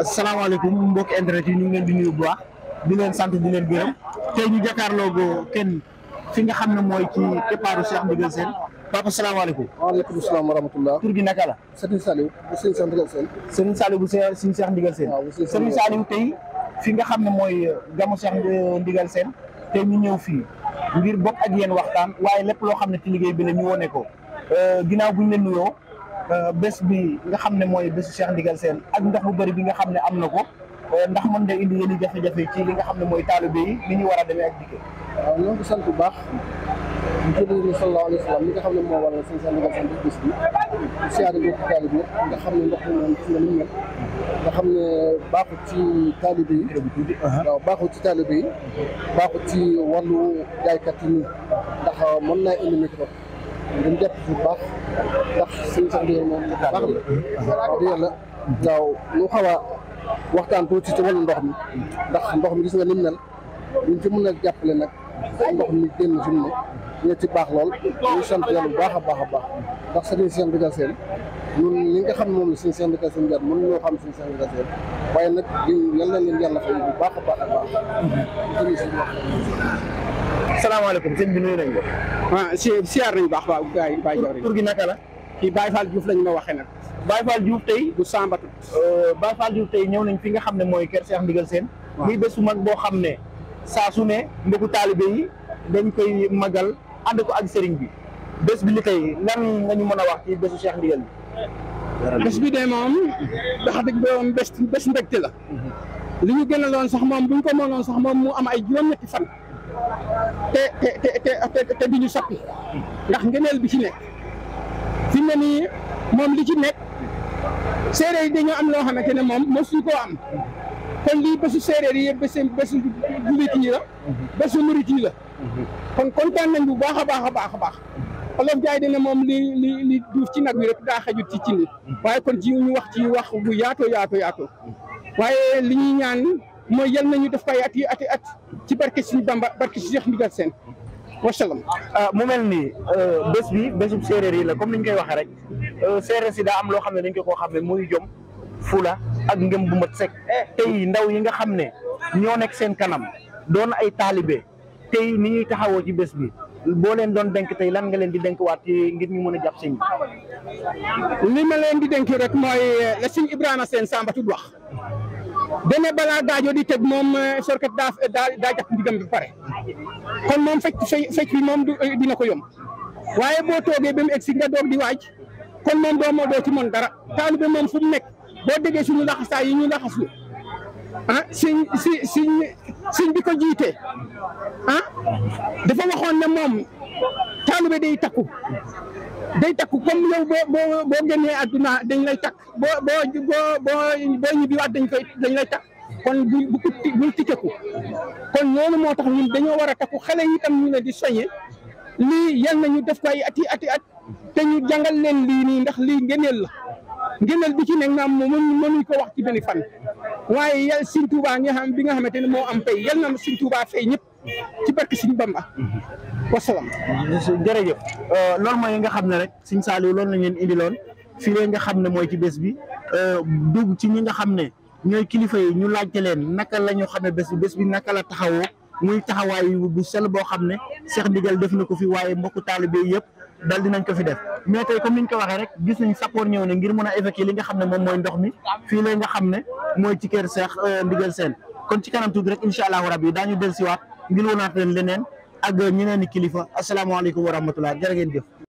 asalaamaaleykum mbokk internet yi ñu ngi leen di nuyu bu baax di leen sant di leen gërëm tey ñu jàkkaarloo kenn fi nga xam ne mooy ci keppaaru Cheikh Ndigal Sène papa salaamaaleykum. waaleykum salaam wa rahmatulah. gi naka la. Serigne Saliou bu Serigne Cheikh Ndigal Sène. Serigne Saliou bu Serigne Cheikh Ndigal Sène. waaw Serigne Saliou tey fi nga xam ne mooy gamu Cheikh Ndigal Sène tey ñu ñëw fii ngir bokk ak yéen waxtaan waaye lépp loo xam ne ci liggéey bi la ñu wone ko euh, ginnaaw bu ñu leen nuyoo. bés bi nga xam ne mooy bésu Cheikh Ndigal Sène ak ndax bu bëri bi nga xam ne am na ko ndax mën na indi yenn jafe-jafe ci li nga xam ne mooy taalibe yi ni ñu war a demee ak dikkee. ñoo ngi sant bu baax di jëlee ni sallallahu alayhi wa li nga xam ne moo waral seen Cheikh Ndigal Sène bés bi siyaare bokk taalibe yi nga xam ne ndox mi moom gis nga mel nga xam ne baaxut ci taalibe yi. waaw baaxut ci taalibe yi baaxut ci wàllu jaaykat yi ndax mën naa indi micro. dañ jàpp bu baax ndax suñu sax ndigal moom baax la wax yàlla daaw lu xaw a waxtaan tuuti ci wàllu ndox mi ndax ndox mi gis nga nim mel ñu ci mën a leen nag ndox mi génn fi mu ne ci baax lool ñu sant yàlla bu baax a baax a baax ndax sëriñ Cheikh Ndigal Sène ñun li nga xam moom la suñu Cheikh Ndigal Sène jar mën ñoo xam suñu Cheikh waaye nag yal na leen yàlla fay bu baax a baax a baax salaamaaleykum sëñ bi nuyu nañ ko. waaw ah, si siyaar nañu baax waaw Baye Baye Diaw tur gi naka la. kii Baye Fall Diouf lañ ma waxee nag. Baye Fall Diouf tey. bu Sambatut. Euh, Baye Fall Diouf tey ñëw nañ fi nga xam ne mooy Kër Cheikh Ndigal seen muy bés bu mag boo xam ne saa su ne mbokku taalibe yi dañ koy magal ànd ak sëriñ bi bés bi li tey lan nga ñu mën a wax ci bésu Cheikh Ndigal bi. bés bi de moom. ndax dëgg doon bés bés la. Mhm. li ñu gënaloon sax moom bu ñu ko mënoon sax moom mu am ay juróom-ñetti fan. te te te te duñu soppi ndax ngëneel bi ci nekk fi mu ne nii moom li ci nekk séeréer yi dañoo am loo xamante ne moom mosuñ koo am kon lii bésu séeréer yi bésu bésu jullit yi la bésu murit yi la kon kontaan nañ bu baax a baax a baax a baax olof jaay dina moom li li li duuf ci nag wi rek daa xajut ci cin waaye kon ci ñu wax ci wax bu yaatoo yaatoo yaatoo waaye li ñuy ñaan mooy yal nañu def ko ay at yi at at ci barke suñu Bamba barke si Cheikh Ndigal seen wasalaam. ah mu mel ni euh, bés bi bésub séeréer yi la comme ni ñu koy waxee rek euh, séeréer si daa am loo xam ne dañ koo xam ne muy jom fula ak ngëm bu mat sek eh. tey ndaw yi nga xam ne ñoo nekk seen kanam doon ay taalibe tey ni ñuy taxawoo ci bés bi boo leen doon denk tey lan nga leen di denk waat ngir ñu mën a jàpp si bi. li ma leen di denk rek mooy la sëñ Ibrahima Sène Samba tudd wax. Déme Bala Gadio di tëb moom euh, Sorkat daa daa jàpp ndigam bi pare kon moom fecc fecc bi moom euh, dina ko yomb waaye boo toogee ba mu egsi nga doog di waaj kon moom doo moo doo ci mën dara taalibe moom fu mu nekk boo déggee suñu laxasaa yi ñu laxas lu ah siñ si siñ siñ bi ko jiite ah dafa waxoon ne moom talibé day takku day takku comme yow bo bo boo aduna dañ lay bo bo bo boo bi ñibbiwaat dañ koy dañ lay tak kon bu bu ñu bul tikeku kon loolu moo tax ñun dañu wara takku xalé yi tam ñu di soñé li yal nañu def ko ay ati ati at ñu jangal leen li ni ndax li la bi ci naam mo ñu ko wax ci fan waye yel Sëriñ nga xam bi nga xamanteni mo am pay yel na fay ñep ci barki Bamba wasalaam jërëjëf euh, loolu mooy nga xam ne rek Sëñ lool loolu la ngeen indiloon fii lee nga xam ne mooy ci bés bi euh, dugg ci ñi nga xam ne ñooy kilifa yi ñu laajte leen naka la ñu xamee bés bi bés bi naka la taxawoo muy taxawaay bu sel boo xam ne Cheikh Ndigal def na ko fi waaye mbokku taalibe yëpp dal nañ ko fi def mais tey comme ñu ko waxee rek gis nañ sappoor ñëw ne ngir mën a évacuer li nga xam ne moom mooy ndox mi fii lee nga xam ne mooy ci kër Cheikh euh, Ndigal Sène kon ci kanam tuuti rek incha allahu rabi daañu dellusiwaat ngir wanaat leen leneen ak ñeneen i kilifa asalaamaaleykum wa rahmatulah jërë ngeen jëf.